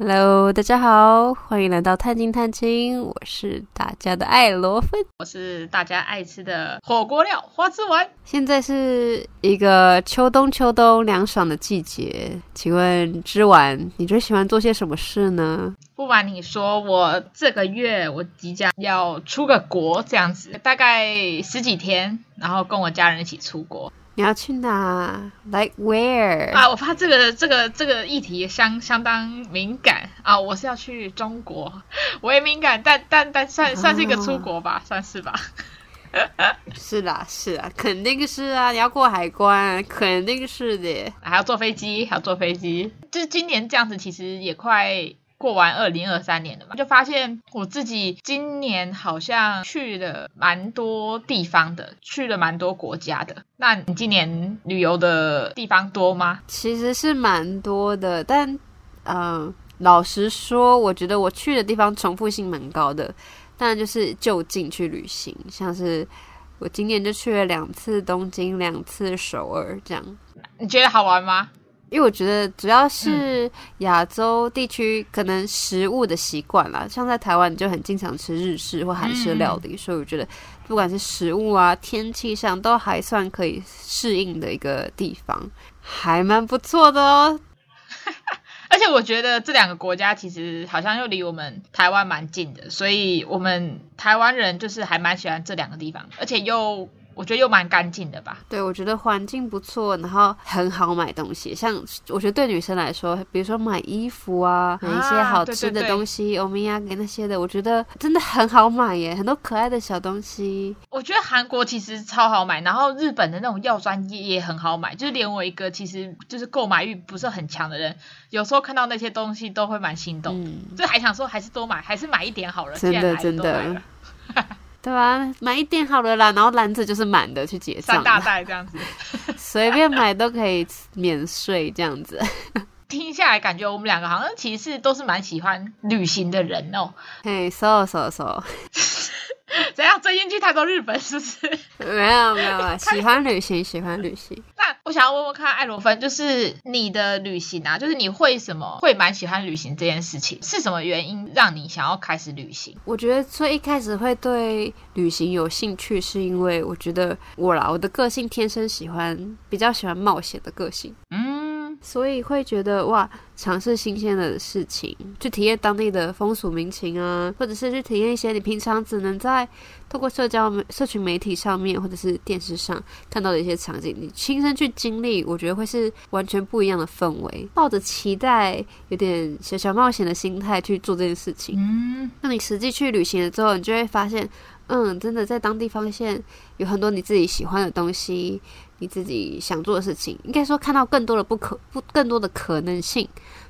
Hello，大家好，歡迎來到嘆氣嘆氣，我是大家的愛羅芬，我是大家愛吃的火鍋料花枝丸。現在是一個秋冬秋冬涼爽的季節，請問枝丸，你最喜歡做些什麼事呢？不瞞你說，我這個月我即將要出個國，這樣子大概十幾天，然後跟我家人一起出國。你要去哪？Like where？啊，我怕這個這個這個議題相相當敏感啊！我是要去中國，我也敏感，但但但算算是一個出國吧，uh -oh. 算是吧。 是啦，是啊，肯定是啊！你要過海關，肯定是的，還要坐飛機，還要坐飛機。就今年這樣子，其實也快。過完二零二三年了嘛，就發現我自己今年好像去了蠻多地方的，去了蠻多國家的。那你今年旅遊的地方多嗎？其實是蠻多的，但嗯、呃，老實說，我覺得我去的地方重複性蠻高的，當然就是就近去旅行，像是我今年就去了兩次東京，兩次首爾，這樣。你覺得好玩嗎？因為我覺得主要是亞洲地區可能食物的習慣啦、嗯，像在台灣就很經常吃日式或韓式料理、嗯，所以我覺得不管是食物啊、天氣上都還算可以適應的一個地方，還蠻不錯的哦。而且我覺得這兩個國家其實好像又離我們台灣蠻近的，所以我們台灣人就是還蠻喜歡這兩個地方，而且又。我覺得又蠻乾淨的吧。對，我覺得環境不錯，然後很好買東西。像我覺得對女生來說，比如說買衣服啊，啊買一些好吃的東西，歐米亞給那些的，我覺得真的很好買耶，很多可愛的小東西。我覺得韓國其實超好買，然後日本的那種藥妝業也，也很好買，就是連我一個其實就是購買慾不是很強的人，有時候看到那些東西都會蠻心動，嗯、就還想說還是多買，還是買一點好了。真的，的買了真的。 對吧？買一點好了啦，然後籃子就是滿的去結賬。三大袋這樣子， 隨便買都可以免稅這樣子。 聽下來感覺我們兩個好像其實是都是蠻喜歡旅行的人哦。嘿 so so so。 怎樣最近去太多日本是不是？沒有沒有啊，喜歡旅行，喜歡旅行。那我想要問問看，愛羅芬，就是你的旅行啊，就是你會什麼會蠻喜歡旅行這件事情，是什麼原因讓你想要開始旅行？我覺得最一開始會對旅行有興趣，是因為我覺得我啦，我的個性天生喜歡，比較喜歡冒險的個性。嗯。所以會覺得哇，嘗試新鮮的事情，去體驗當地的風俗民情啊，或者是去體驗一些你平常只能在透過社交媒、社群媒體上面或者是電視上看到的一些場景，你親身去經歷，我覺得會是完全不一樣的氛圍。抱着期待、有點小小冒險的心態去做這件事情，嗯，那你實際去旅行了之後，你就會發現，嗯，真的在當地發現有很多你自己喜歡的東西。你自己想做的事情，應該說看到更多的不可不更多的可能性，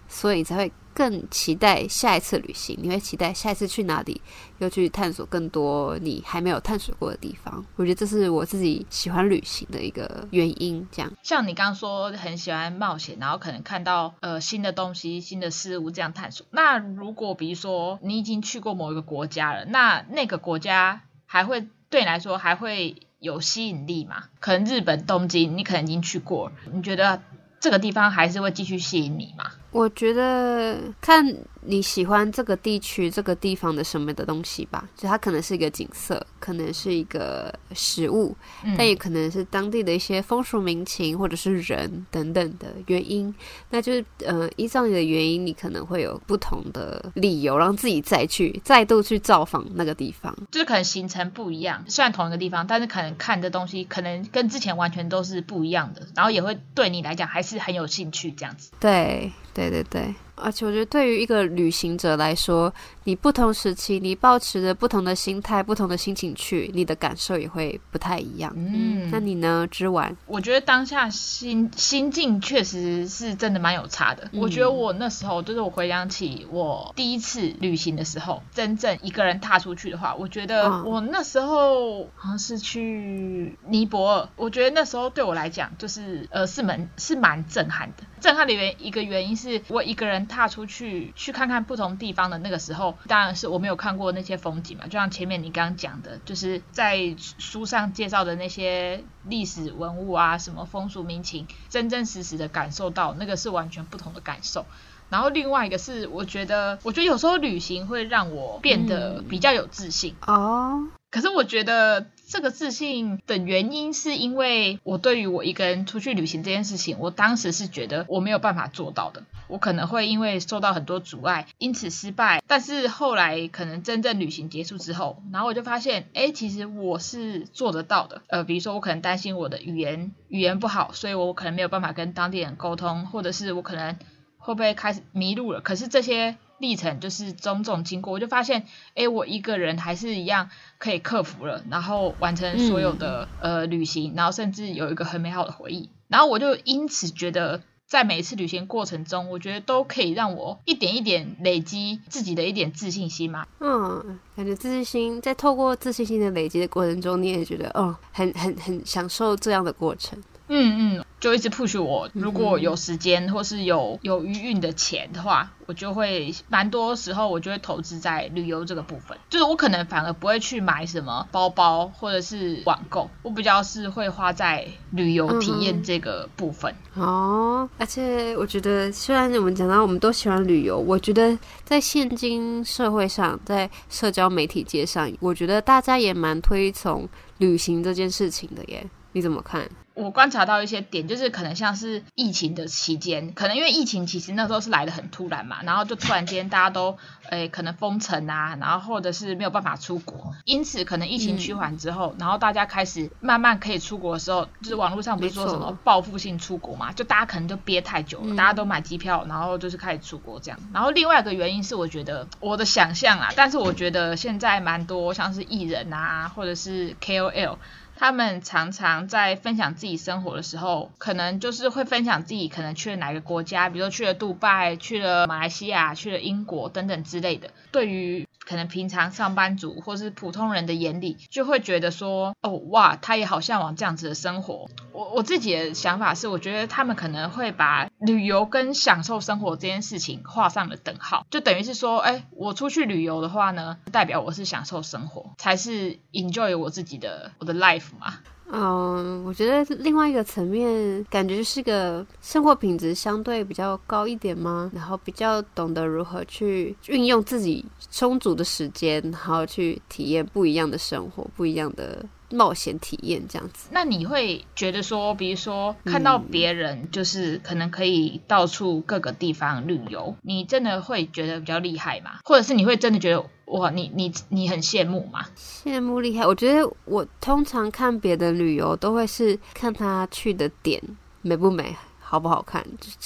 所以才會更期待下一次旅行。你會期待下一次去哪裡，又去探索更多你還沒有探索過的地方。我覺得這是我自己喜歡旅行的一個原因。這樣，像你剛剛說很喜歡冒險，然後可能看到呃新的東西、新的事物這樣探索。那如果比如說你已經去過某一個國家了，那那個國家還會對你來說還會？有吸引力嘛？可能日本東京，你可能已經去過，你覺得這個地方還是會繼續吸引你嗎？我覺得看你喜歡這個地區這個地方的什麼的東西吧，就它可能是一個景色，可能是一個食物，嗯，但也可能是當地的一些風俗民情或者是人等等的原因。那就是呃，依照你的原因，你可能會有不同的理由，讓自己再去再度去造訪那個地方，就是可能行程不一樣，雖然同一個地方，但是可能看的東西可能跟之前完全都是不一樣的，然後也會對你來講還是很有興趣這樣子。對。對對對。對對。而且我覺得，對於一個旅行者來說，你不同時期，你抱持着不同的心態、不同的心情去，你的感受也會不太一樣。嗯，那你呢，枝丸？我覺得當下心心境確實是真的蠻有差的。嗯。我覺得我那時候，就是我回想起我第一次旅行的時候，真正一個人踏出去的話，我覺得我那時候好像是去尼泊爾。我覺得那時候對我來講，就是呃，是蠻是蠻，是蠻震撼的。震撼的原一個原因是，我一個人。踏出去去看看不同地方的那個時候，當然是我沒有看過那些風景嘛。就像前面你剛剛講的，就是在書上介紹的那些歷史文物啊，什麼風俗民情，真真實實的感受到那個是完全不同的感受。然後另外一個是，我覺得，我覺得有時候旅行會讓我變得比較有自信。嗯。哦。可是我覺得這個自信的原因是因為我對於我一個人出去旅行這件事情，我當時是覺得我沒有辦法做到的，我可能會因為受到很多阻礙，因此失敗。但是後來可能真正旅行結束之後，然後我就發現，哎，其實我是做得到的。呃，比如說我可能擔心我的語言語言不好，所以我可能沒有辦法跟當地人溝通，或者是我可能會不會開始迷路了。可是這些。歷程就是種種經過，我就發現，哎、欸，我一個人還是一樣可以克服了，然後完成所有的、嗯、呃旅行，然後甚至有一個很美好的回憶。然後我就因此覺得，在每一次旅行過程中，我覺得都可以讓我一點一點累積自己的一點自信心嘛。嗯、哦，感覺自信心在透過自信心的累積的過程中，你也覺得哦，很很很享受這樣的過程。嗯嗯，就一直 push 我。如果有時間或是有有餘裕的錢的話，我就會蠻多時候我就會投資在旅遊這個部分。就是我可能反而不會去買什麼包包或者是網購，我比較是會花在旅遊體驗這個部分、嗯。哦，而且我覺得，雖然我們講到我們都喜歡旅遊，我覺得在現今社會上，在社交媒體界上，我覺得大家也蠻推崇旅行這件事情的耶。你怎麼看？我觀察到一些點，就是可能像是疫情的期間，可能因為疫情其實那時候是來得很突然嘛，然後就突然間大家都誒、欸、可能封城啊，然後或者是沒有辦法出國，因此可能疫情趨緩之後、嗯，然後大家開始慢慢可以出國的時候，就是網絡上不是說什麼報復性出國嘛，就大家可能都憋太久了、嗯，大家都買機票，然後就是開始出國這樣。然後另外一個原因是我覺得我的想象啊，但是我覺得現在蠻多像是藝人啊，或者是 KOL。他們常常在分享自己生活的時候，可能就是會分享自己可能去了哪個國家，比如說去了杜拜，去了馬來西亞，去了英國等等之類的。對於可能平常上班族或是普通人的眼裡，就會覺得說，哦，哇，他也好向往這樣子的生活。我我自己的想法是，我覺得他們可能會把旅遊跟享受生活這件事情畫上了等號，就等於是說，哎，我出去旅遊的話呢，代表我是享受生活，才是 enjoy 我自己的我的 life 嘛。嗯，uh，我覺得另外一個層面，感覺就是個生活品質相對比較高一點嘛，然後比較懂得如何去運用自己充足的時間，然後去體驗不一樣的生活，不一樣的冒險體驗這樣子。那你會覺得說，比如說看到別人就是可能可以到處各個地方旅遊，你真的會覺得比較厲害嗎？或者是你會真的覺得？哇，你你你很羨慕嗎？羨慕厲害！我覺得我通常看別的旅遊，都會是看他去的點，美不美，好不好看，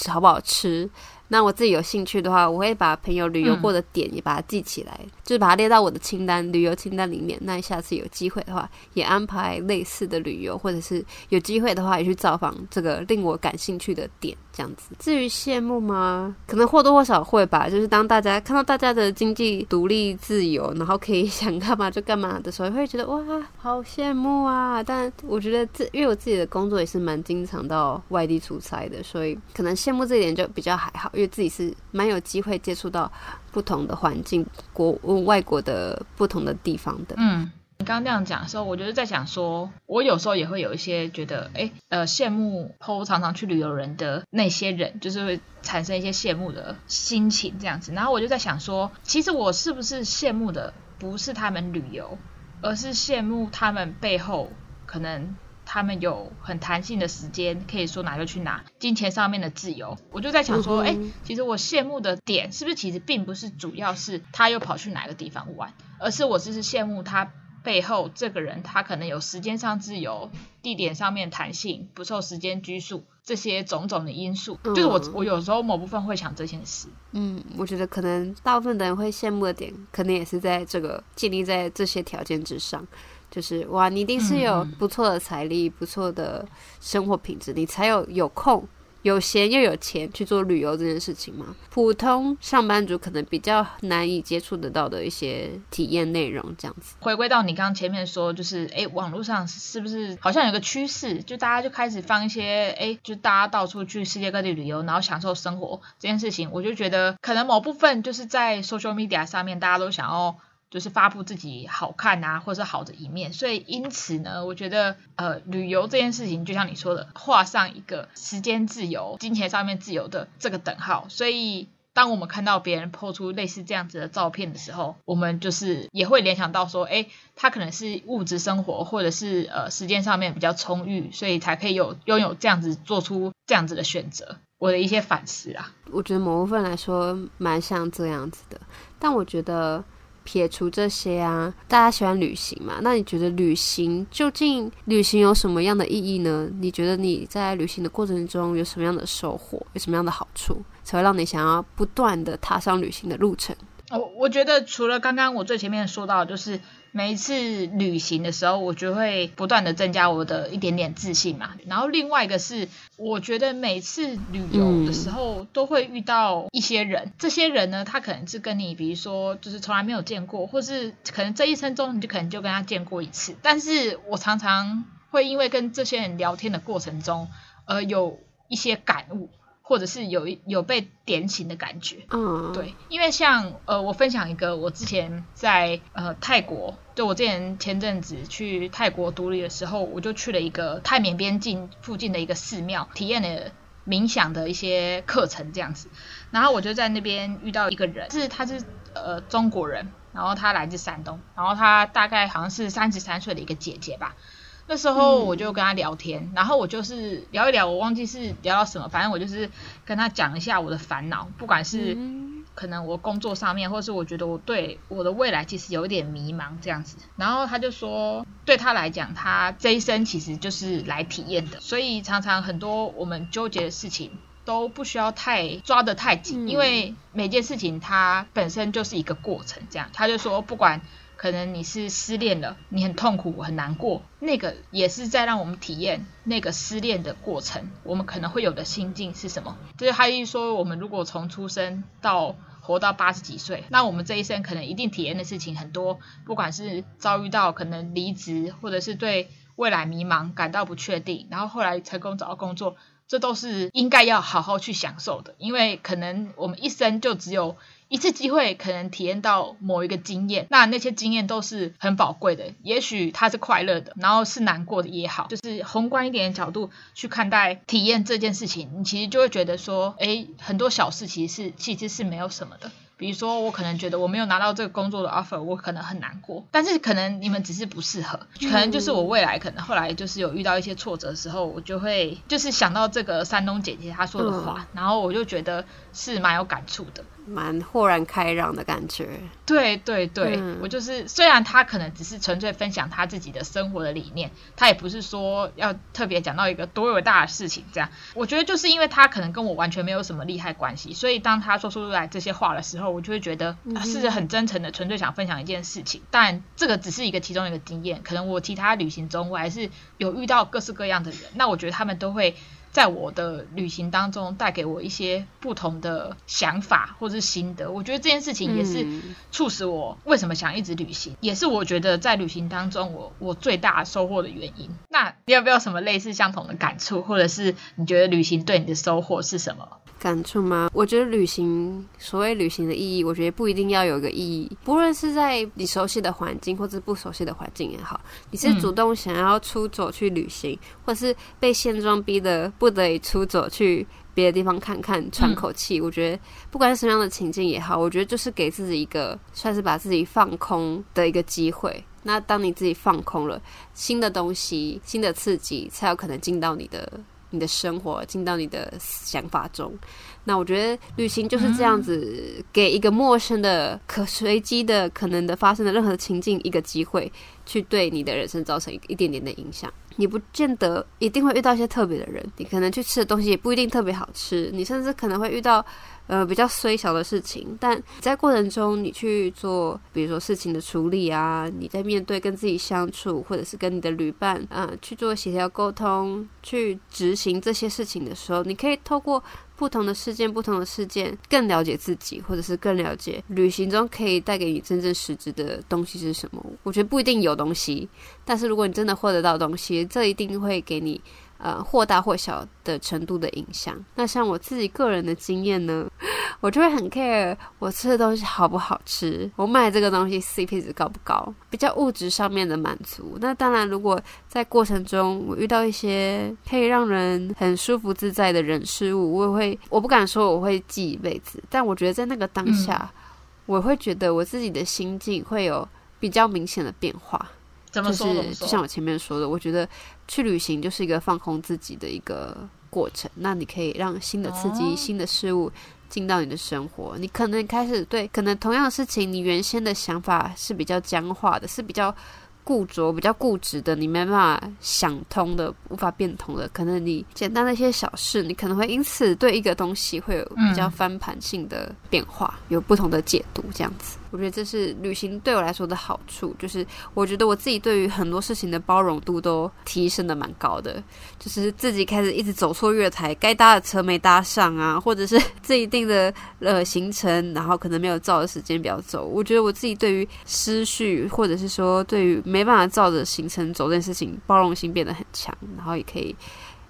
好不好吃。那我自己有興趣的話，我會把朋友旅遊過的點也把它記起來。嗯，就是把它列到我的清單，旅遊清單裡面。那下次有機會的話，也安排類似的旅遊，或者是有機會的話，也去造訪這個令我感興趣的點，這樣子。至於羨慕嗎？可能或多或少會吧。就是當大家看到大家的經濟獨立、自由，然後可以想幹嘛就幹嘛的時候，會覺得哇，好羨慕啊。但我覺得這因為我自己的工作也是蠻經常到外地出差的，所以可能羨慕這一點就比較還好。覺得自己是蠻有機會接觸到不同的環境、國外國的不同的地方的。嗯，你剛剛那樣講的時候，我就是在想說，我有時候也會有一些覺得，哎，呃，羨慕 po 常常去旅遊的人的那些人，就是會產生一些羨慕的心情這樣子。然後我就在想說，其實我是不是羨慕的不是他們旅遊，而是羨慕他們背後可能。他們有很彈性的時間，可以說哪就去哪，金錢上面的自由，我就在想說，uh -huh. 誒，其實我羨慕的點是不是其實並不是主要是他又跑去哪個地方玩，而是我只是羨慕他背後這個人他可能有時間上自由，地點上面彈性，不受時間拘束這些種種的因素，uh -huh. 就是我我有時候某部分會想這件事。Uh -huh. 嗯，我覺得可能大部分的人會羨慕的點，可能也是在這個建立在這些條件之上。就是哇，你一定是有不錯的財力、嗯、不錯的生活品質，你才有有空、有閒又有錢去做旅遊這件事情嘛。普通上班族可能比較難以接觸得到的一些體驗內容，這樣子。回歸到你剛前面說，就是誒，網絡上是不是好像有個趨勢，就大家就開始放一些誒，就大家到處去世界各地旅遊，然後享受生活這件事情。我就覺得可能某部分就是在 social media 上面，大家都想要。就是發佈自己好看啊，或者是好的一面，所以因此呢，我覺得呃，旅遊這件事情就像你說的，畫上一個時間自由、金錢上面自由的這個等號。所以，當我們看到別人 po 出類似這樣子的照片的時候，我們就是也會聯想到說，誒，他可能是物質生活或者是呃時間上面比較充裕，所以才可以有擁有這樣子做出這樣子的選擇。我的一些反思啊，我覺得某部分來說蠻像這樣子的，但我覺得。撇除這些啊，大家喜歡旅行嘛？那你覺得旅行究竟旅行有什麼樣的意義呢？你覺得你在旅行的過程中有什麼樣的收穫，有什麼樣的好處，才會讓你想要不斷的踏上旅行的路程？我我覺得除了剛剛我最前面說到的就是。每一次旅行的時候，我就會不斷的增加我的一點點自信嘛。然後另外一個是，我覺得每次旅遊的時候都會遇到一些人，這些人呢，他可能是跟你，比如說就是從來沒有見過，或是可能這一生中你就可能就跟他見過一次。但是我常常會因為跟這些人聊天的過程中，而有一些感悟。或者是有有被點醒的感覺，嗯，對，因為像呃，我分享一個我之前在呃泰國，就我之前前陣子去泰國獨立的時候，我就去了一個泰緬邊境附近的一個寺廟，體驗了冥想的一些課程這樣子，然後我就在那邊遇到一個人，是他是呃中國人，然後他來自山東，然後他大概好像是三十三歲的一個姐姐吧。那時候我就跟他聊天，嗯，然後我就是聊一聊，我忘記是聊到什麼，反正我就是跟他講一下我的煩惱，不管是可能我工作上面，嗯、或是我覺得我對我的未來其實有點迷茫這樣子。然後他就說，對他來講，他這一生其實就是來體驗的，所以常常很多我們糾結的事情都不需要太抓得太緊，嗯，因為每件事情它本身就是一個過程。這樣，他就說不管。可能你是失戀了，你很痛苦，很難過，那個也是在讓我們體驗那個失戀的過程，我們可能會有的心境是什麼？就是他一說，我們如果從出生到活到八十幾歲，那我們這一生可能一定體驗的事情很多，不管是遭遇到可能離職，或者是對未來迷茫感到不確定，然後後來成功找到工作，這都是應該要好好去享受的，因為可能我們一生就只有。一次機會可能體驗到某一個經驗，那那些經驗都是很寶貴的。也許它是快樂的，然後是難過的也好，就是宏觀一點的角度去看待體驗這件事情，你其實就會覺得說，哎、欸，很多小事其實是其實是沒有什麼的。比如說，我可能覺得我沒有拿到這個工作的 offer，我可能很難過，但是可能你們只是不適合，可能就是我未來可能後來就是有遇到一些挫折的時候，我就會就是想到這個山東姐姐她說的話，嗯、然後我就覺得。是蠻有感觸的，蠻豁然開朗的感覺。對對對、嗯，我就是雖然他可能只是純粹分享他自己的生活的理念，他也不是說要特別講到一個多偉大的事情這樣。我覺得就是因為他可能跟我完全沒有什麼利害關係，所以當他說出來這些話的時候，我就會覺得、嗯、是很真誠的，純粹想分享一件事情。但這個只是一個其中一個經驗，可能我其他旅行中我還是有遇到各式各樣的人，那我覺得他們都會。在我的旅行當中，帶給我一些不同的想法或者是心得。我覺得這件事情也是促使我為什麼想一直旅行，嗯，也是我覺得在旅行當中我我最大的收穫的原因。那你有沒有什麼類似相同的感觸，或者是你覺得旅行對你的收穫是什麼感觸嗎？我覺得旅行，所謂旅行的意義，我覺得不一定要有一個意義，不論是在你熟悉的環境或者不熟悉的環境也好，你是主動想要出走去旅行，嗯、或是被現狀逼的。不得已出走去別的地方看看，喘口氣，嗯。我覺得不管是什麼樣的情境也好，我覺得就是給自己一個，算是把自己放空的一個機會。那當你自己放空了，新的東西、新的刺激才有可能進到你的、你的生活，進到你的想法中。那我覺得旅行就是這樣子，給一個陌生的、可隨機的、可能的發生的任何情境一個機會，去對你的人生造成一點點的影響。你不見得一定會遇到一些特別的人，你可能去吃的東西也不一定特別好吃，你甚至可能會遇到呃比較衰小的事情。但在過程中，你去做，比如說事情的處理啊，你在面對跟自己相處，或者是跟你的旅伴啊去做協調溝通、去執行這些事情的時候，你可以透過。不同的事件，不同的事件，更了解自己，或者是更了解旅行中可以帶給你真正實質的東西是什麼？我覺得不一定有東西，但是如果你真的獲得到東西，這一定會給你。呃，或大或小的程度的影響。那像我自己個人的經驗呢，我就會很 care 我吃的東西好不好吃，我買這個東西 CP 值高不高，比較物質上面的滿足。那當然，如果在過程中我遇到一些可以讓人很舒服自在的人事物，我也會，我不敢說我會記一輩子，但我覺得在那個當下，嗯、我會覺得我自己的心境會有比較明顯的變化。就是就像我前面說的，我覺得去旅行就是一個放空自己的一個過程。那你可以讓新的刺激、新的事物進到你的生活。你可能開始對可能同樣的事情，你原先的想法是比較僵化的，是比較固着、比較固執的，你沒辦法想通的、無法變通的。可能你簡單的一些小事，你可能會因此對一個東西會有比較翻盤性的變化，嗯、有不同的解讀，這樣子。我覺得這是旅行對我來說的好處，就是我覺得我自己對於很多事情的包容度都提升得蠻高的，就是自己開始一直走錯月台，該搭的車沒搭上啊，或者是這一定的呃行程，然後可能沒有照著時間表走。我覺得我自己對於失序，或者是說對於沒辦法照着行程走這件事情，包容性變得很強，然後也可以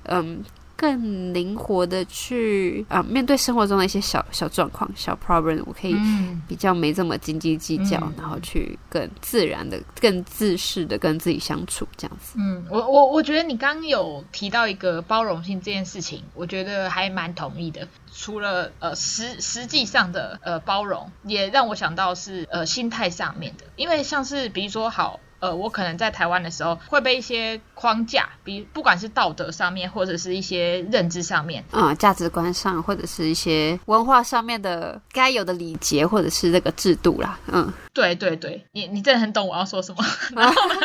嗯。更靈活的去啊，面對生活中的一些小小狀況、小 problem，我可以比較沒這麼斤斤計較，嗯、然後去更自然的、更自適的跟自己相處這樣子。嗯，我我我覺得你剛有提到一個包容性這件事情，我覺得還蠻同意的。除了呃實實際上的呃包容，也讓我想到是呃心態上面的，因為像是比如說好。呃，我可能在台灣的時候會被一些框架，比不管是道德上面，或者是一些認知上面，啊、嗯，價值觀上，或者是一些文化上面的該有的禮節，或者是這個制度啦，嗯，對對對，你你真的很懂我要說什麼， 然後呢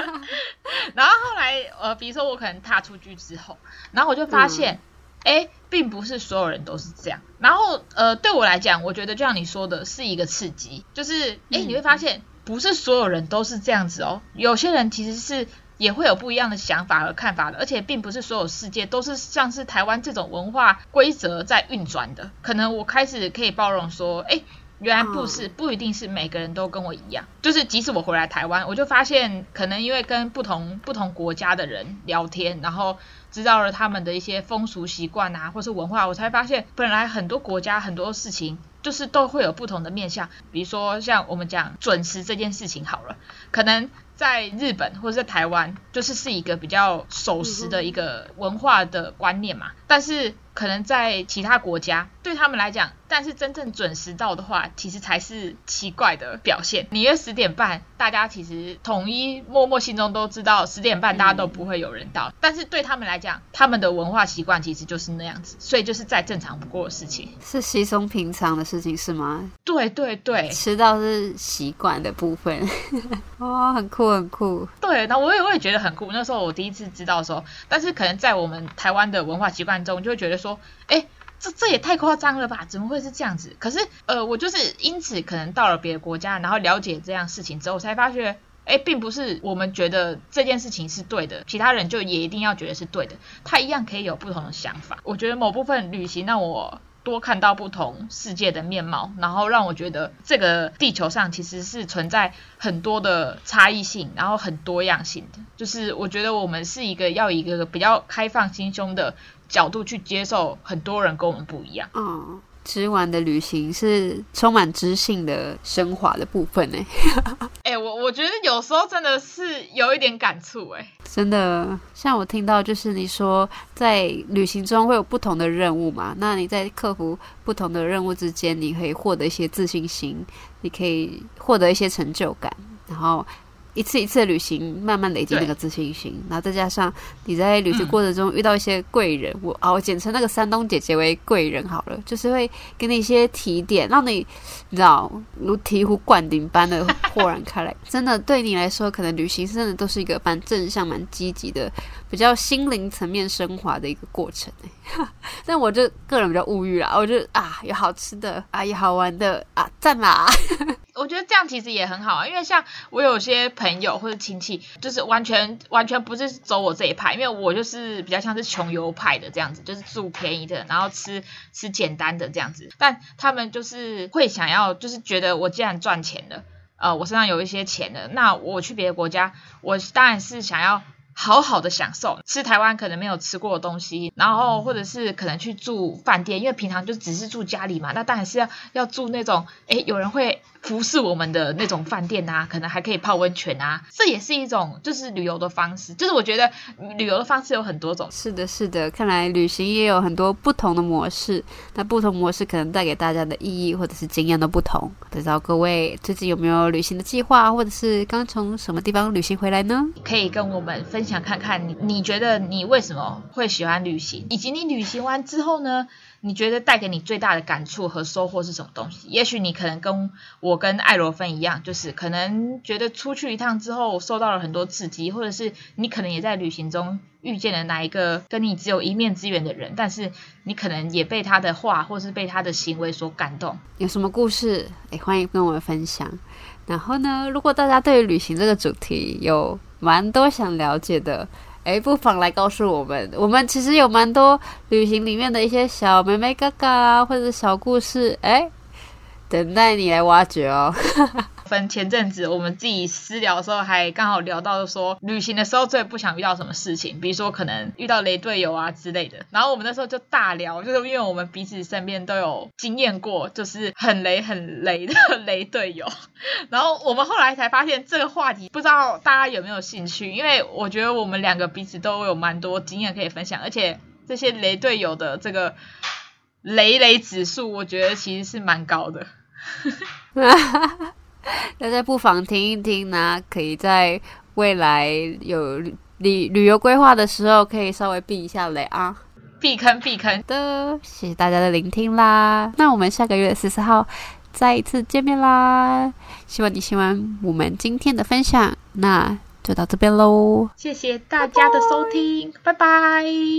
然後後來呃，比如說我可能踏出去之後，然後我就發現，哎、嗯，並不是所有人都是這樣，然後呃，對我來講，我覺得就像你說的，是一個刺激，就是哎，你會發現。嗯不是所有人都是這樣子哦，有些人其實是也會有不一樣的想法和看法的，而且並不是所有世界都是像是台灣這種文化規則在運轉的。可能我開始可以包容說，哎、欸，原來不是，不一定是每個人都跟我一樣。就是即使我回來台灣，我就發現可能因為跟不同，不同國家的人聊天，然後知道了他們的一些風俗習慣啊，或是文化，我才發現本來很多國家，很多事情。就是都會有不同的面向，比如說像我們講準時這件事情好了，可能在日本或者在台灣，就是是一個比較守時的一個文化的觀念嘛。但是可能在其他國家，對他們來講，但是真正準時到的話，其實才是奇怪的表現。你約十點半，大家其實統一默默心中都知道，十點半大家都不會有人到。嗯。但是對他們來講，他們的文化習慣其實就是那樣子，所以就是再正常不過的事情，是稀鬆平常的事情是嗎？對對對，遲到是習慣的部分， 哦，很酷很酷。對，那我也我也覺得很酷。那時候我第一次知道的時候，但是可能在我們台灣的文化習慣。觀眾就會覺得說，哎，這這也太誇張了吧？怎麼會是這樣子？可是，呃，我就是因此可能到了別的國家，然後了解這樣事情之後，才發覺，哎，並不是我們覺得這件事情是對的，其他人就也一定要覺得是對的，他一樣可以有不同的想法。我覺得某部分旅行讓我多看到不同世界的面貌，然後讓我覺得這個地球上其實是存在很多的差異性，然後很多樣性的。就是我覺得我們是一個要一個比較開放心胸的角度去接受，很多人跟我們不一樣。嗯，吃完的旅行是充滿知性的升華的部分呢、欸 欸。我我覺得有時候真的是有一點感觸誒、欸，真的，像我聽到就是你說在旅行中會有不同的任務嘛？那你在克服不同的任務之間，你可以獲得一些自信心，你可以獲得一些成就感，然後。一次一次的旅行，慢慢累積那個自信心，然後再加上你在旅行過程中遇到一些貴人，嗯、我啊，我簡稱那個山東姐姐為貴人好了，就是會給你一些提點，讓你，你知道如醍醐灌頂般的，豁然開來。 真的，對你來說，可能旅行真的都是一個蠻正向、蠻積極的，比較心靈層面升華的一個過程。 但我就個人比較物慾啦，我就啊有好吃的，啊有好玩的，啊讚嘛 我覺得這樣其實也很好啊，因為像我有些朋友或者親戚，就是完全完全不是走我這一派，因為我就是比較像是窮遊派的這樣子，就是住便宜的，然後吃吃簡單的這樣子。但他們就是會想要，就是覺得我既然賺錢了，呃，我身上有一些錢了，那我去別的國家，我當然是想要。好好的享受吃台灣可能沒有吃過的東西，然後或者是可能去住飯店，因為平常就只是住家裡嘛，那當然是要要住那種哎、欸、有人會服侍我們的那種飯店啊，可能還可以泡溫泉啊，這也是一種就是旅遊的方式，就是我覺得旅遊的方式有很多種。是的，是的，看來旅行也有很多不同的模式，那不同模式可能帶給大家的意義或者是經驗都不同。不知道各位最近有沒有旅行的計劃，或者是剛從什麼地方旅行回來呢？可以跟我們分。想看看你，你覺得你為什麼會喜歡旅行，以及你旅行完之後呢，你覺得帶給你最大的感觸和收穫是什麼東西？也許你可能跟我跟愛羅芬一樣，就是可能覺得出去一趟之後受到了很多刺激，或者是你可能也在旅行中遇見了哪一個跟你只有一面之緣的人，但是你可能也被他的話或是被他的行為所感動。有什麼故事，哎，歡迎跟我分享。然後呢，如果大家對旅行這個主題有蠻多想了解的。哎、欸，不妨來告訴我們，我們其實有蠻多旅行裡面的一些小妹妹、哥哥啊，或者小故事，哎、欸，等待你來挖掘哦。 分前陣子我們自己私聊的時候，還剛好聊到說旅行的時候最不想遇到什麼事情，比如說可能遇到雷隊友啊之類的。然後我們那時候就大聊，就是因為我們彼此身邊都有經驗過，就是很雷、很雷的雷隊友。然後我們後來才發現這個話題，不知道大家有沒有興趣？因為我覺得我們兩個彼此都有蠻多經驗可以分享，而且這些雷隊友的這個雷雷指數，我覺得其實是蠻高的。 大家不妨聽一聽呢，啊，可以在未來有旅，旅，旅遊規劃的時候，可以稍微避一下雷啊，避坑避坑的。謝謝大家的聆聽啦，那我們下個月十四號再一次見面啦。希望你喜歡我們今天的分享，那就到這邊嘍。謝謝大家的收聽，拜拜。拜拜。拜拜。